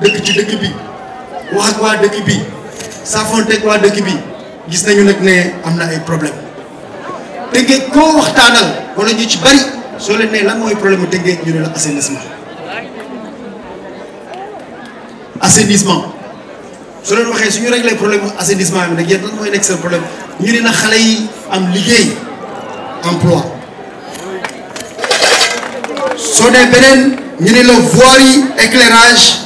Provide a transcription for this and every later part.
dëkk ci dëkk bi wax ak waa dëkk bi saafonteeg waa dëkk bi gis nañu nag ne am na ay problème tëngeej koo waxtaanal wala ñu ci bari soo leen nee lan mooy problème mu tëngeej ñu ne la assainissement assainissement leen waxee suñu réglé problème assainissement bi nag yéen lan mooy nekk seen problème ñu ne na xale yi am liggéey emploi soo dee beneen ñu ne la voirie éclairage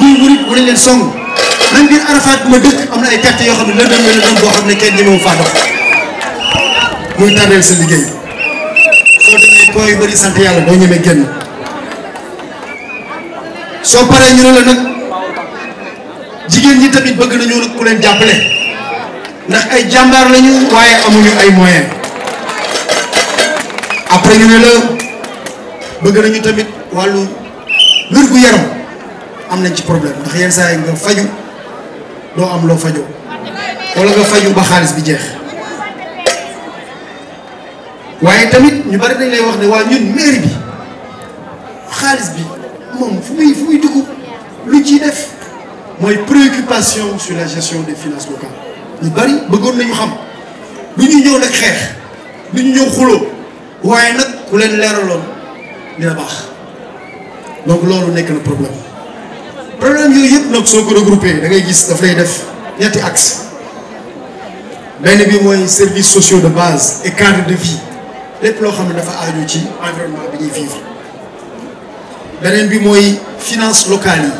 guy murit bu ne leen song même biir Arafat ma dëkk am na ay quartiers yoo xam ne lëndëm na lëndëm boo xam ne kenn ñemewu faa dox muy tànneel sa liggéey soo demee koo yu bëri sant yàlla doo ñemee génn paree ñu ne tamit bëgg nañu nag ku leen jàppale ndax ay jàmbaar lañu waaye amuñu ay moyen après ñu nañu tamit wàllu wér gu yaram am nañ ci problème ndax yenn saa yi nga faju doo am loo fajoo wala nga faju ba xaalis bi jeex waaye tamit ñu bari dañ lay wax ne waa ñun mairie bi xaalis bi moom fu muy fu muy dugg lu ci def mooy préoccupation sur la gestion des finances locales ñu bari bëggoon nañu xam lu ñu ñëw nag xeex lu ñu ñëw xuloo waaye nag ku leen leeraloon dina baax donc loolu nekk na problème problème yooyu yëpp nak soo ko regroupé da ngay gis da fay def ñetti axe benn bi moy service sociaux de base et cadre de vie lépp loo xam ne dafa aaju ci environnement bi ñuy vivre benen bi moy finance locale yi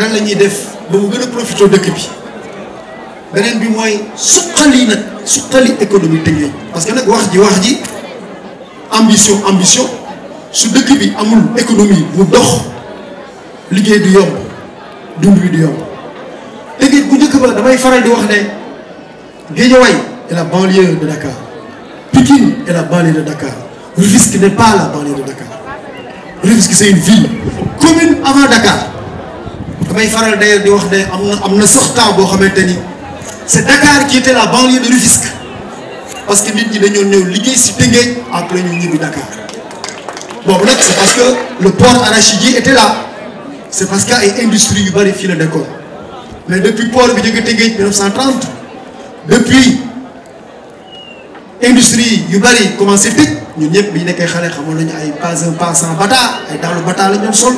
nan lañuy def ba mu gën a dëkk bi benen bi moy suqali nag suqali économie technique parce que nak wax ji wax ji ambition ambition su dëkk bi amul économie mu dox liggéey du yomb dund wi du yomb léegi bu njëkk ba damay faral di wax ne est la banlieue de Dakar Pikine est la banlieue de Dakar Rufisque n'est pas la banlieue de Dakar Rufisque c'est une ville commune avant Dakar damay faral d'ailleurs di wax ne am na am na c'est Dakar qui était la banlieue de Rufisque parce que nit ñi dañoo ñëw liggéey si Tëngéej après ñu Dakar bon, c'est parce que le port arachidier était là c'est parce que ay industrie yu bëri fii la mais depuis port bi jóge Tëngéej 1930 depuis industrie yu bëri commencé tëj ñun ñëpp bi ñu nekkee xamoon ay pas un pas sans bata ay le bata la ñoon sol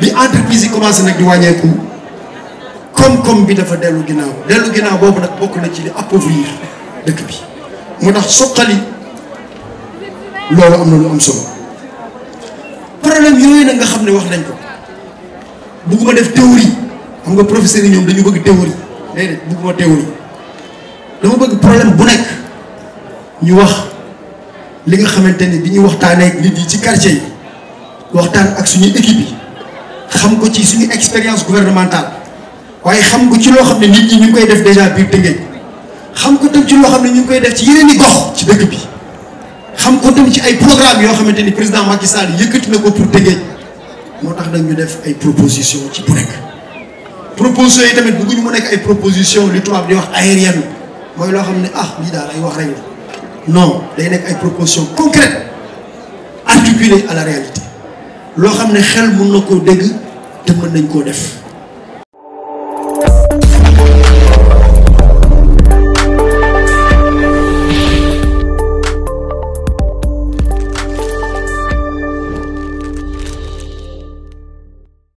bi entreprise yi à nous di wàññeeku comme comme bi dafa delu ginaaw delu ginaaw boobu nak bokk na ci li appauvrir dëkk bi moo tax suqali am na lu am solo problème yooyu nak nga xam ne wax nañ ko bugguma def théorie xam nga professeurs yi ñoom dañu bëgg théorie déedéet bugguma théorie dama bëgg problème bu nekk ñu wax li nga xamante ni bi ñuy waxtaanee ak nit yi ci quartier yi waxtaan ak suñu équipe yi xam ko ci suñu expérience gouvernementale waaye xam ko ci loo xam ne nit ñi ñu ngi koy def déjà biir Tëngéej xam ko tam ci loo xam ne ñu koy def ci yeneen i gox ci dëkk bi xam ko tam ci ay programme yoo xamante ni président Macky Sall yëkkati na ko pour motax tax ñu def ay proposition ci bu nekk proposition yi tamit bëgguñu mu nekk ay proposition li tubaab di wax aérienne moy lo xamné ah lii daal ay wax rek non day nek ay proposition concrète articulée à la réalité lo xamné xel mu nako koo dégg te mën nañ koo def